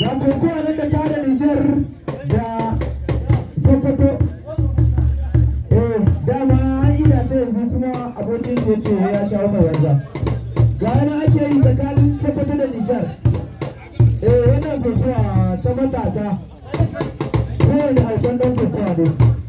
da kokowa nan da tada Nijar da Sokoto eh dama an yi da yanzu kuma abokin ya ce ya sha wannan wanda ga yana ake yi tsakanin Sokoto da Nijar eh wannan kokowa ta matasa kowane harkar dan kokowa ne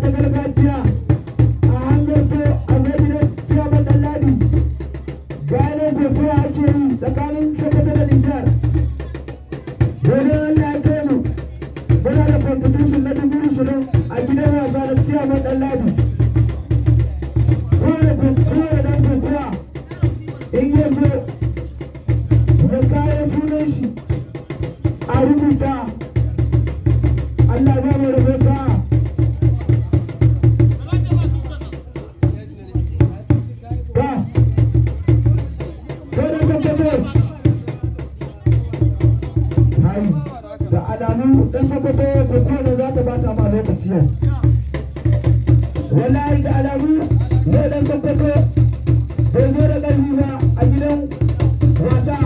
Canta, canta, canta. da alamu ɗan ko kokowa da za ta ba ta ma lokaci yau wallahi da alamu ne ɗan sokoto bai zo da ƙarfi ba a gidan wasa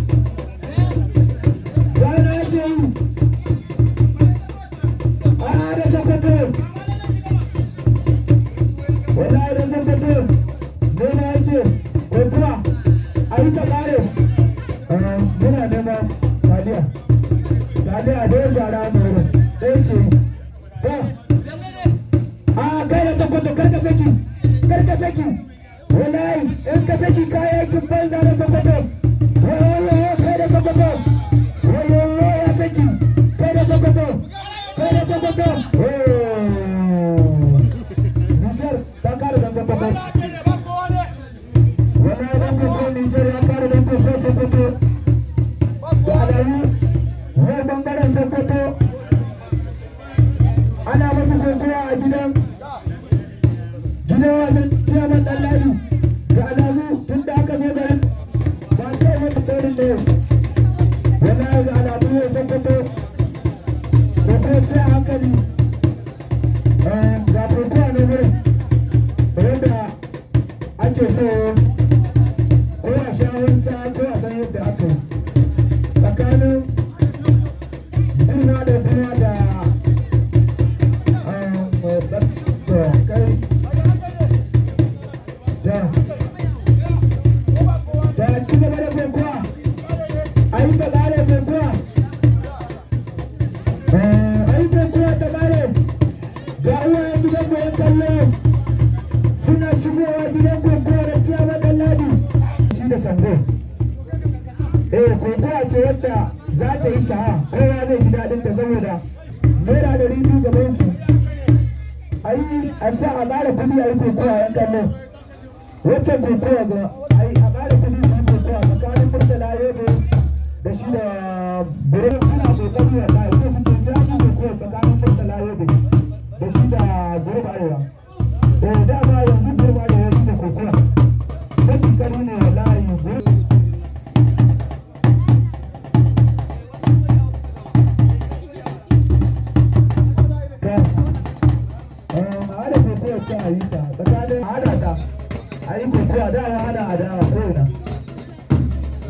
Dale a Dios ya la mano. Eche. Ya. Ah, cállate con cuando carga Fechi. Carga Fechi. Hola, el que Fechi cae en tu espalda de tu cuento. Oh, sha'a kowa zai ji daɗin ta saboda naira da ribi gaban shi ayi a sa a ƙara kuɗi a yi kokowa yan kallon wacce kokowa ga ayi a ƙara kuɗi a yi kokowa tsakanin murtala yobe da shi da birin ana kokari ya sa ita suke jaji kokowa tsakanin murtala yobe da shi da gurbarewa da dama yanzu gurbarewa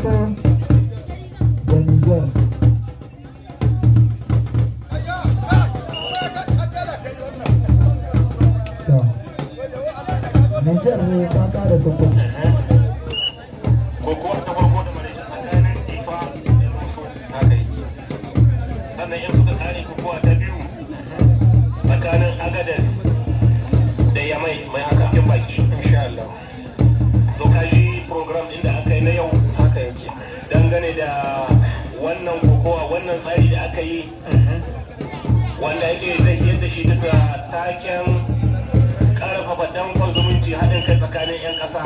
Twitter. wannan kokowa wannan tsari da aka yi wanda yake zai da shi daga taken karfafa dankon zumunci haɗin kai tsakanin 'yan ƙasa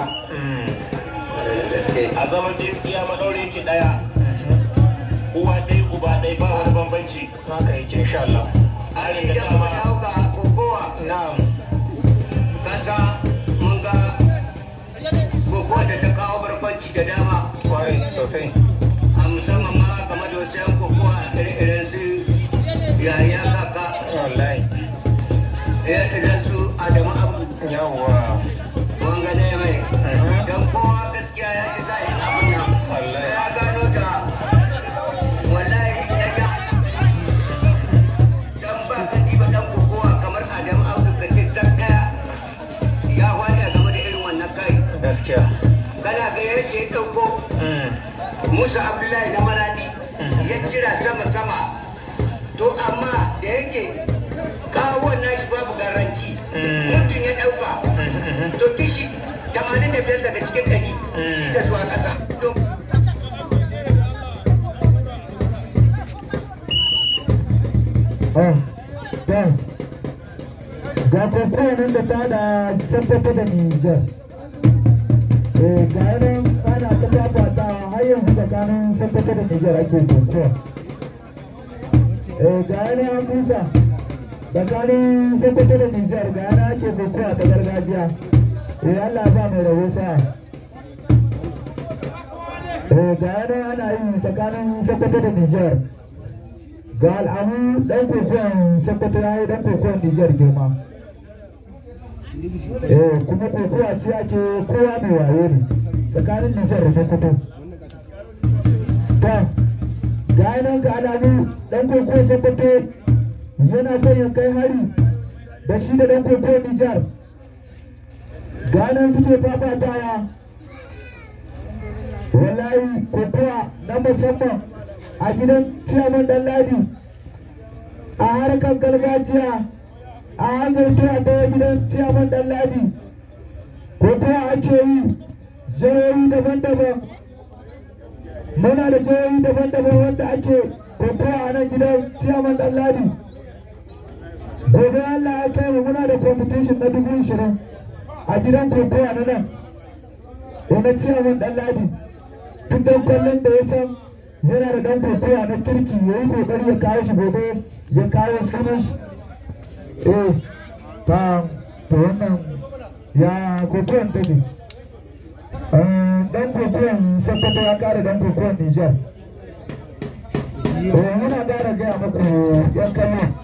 a zaman tsintsiya maɗaurin ki ɗaya uwa ɗai uba ɗai ba wani bambanci ta ka yi Allah sha Allah Thank you. ga da ta kawo barkwanci da dama idan su adamu abu yawa don kowa gaskiya ya yi abin ba ka kamar adamu abu ka ce ya game da irin wannan kai ga yake dauko Musa Abdullahi na Maradi ya cira sama sama to amma da yake kawo shi. to kishi tamanin da biyar daga cikin ɗari shi eh. da zuwa ƙasa eh, eh. ga kokonan da ta da tabbata da Nijar. ga yanin ana ta tabbata har yanzu tsakanin tabbata da Nijar ake kokowa. ga yanin an busa tsakanin sokoto da nijar ga yana ake kokowa ta gargajiya eh allah ba mai rabo sa eh ga yana ana yi tsakanin sokoto da nijar ga al'amu dan kokowan sokoto ya yi dan kokowan nijar girma eh kuma kokowa ce ake kowa mai waye ne tsakanin nijar da sokoto ta ga yana ga al'amu dan kokowan sokoto yana son ya kai hari da shi da ɗan kwanto Nijar. Ganan suke taya wallahi kokowa na musamman a gidan ciyaman ɗan ladi a harkar gargajiya a hangar zuwa ta gidan ciyaman ɗan ladi kokowa ake yi jihohi daban-daban muna da jihohi daban-daban wanda ake kokowa a nan gidan ciyaman ɗan ladi gobe Allah ya kai mu muna da competition na dubu ishirin a gidan kokowa na nan da na ciyaman dan ladi duk dan kwallon da ya san yana da dan kokowa na kirki ya yi kokari ya kawo shi gobe ya kawo finish eh ta ta wannan ya kokowan ta ne dan eh, kokowan sakwato ya kare dan kokowan Nijar. Eh, muna gara gaya muku yan kallon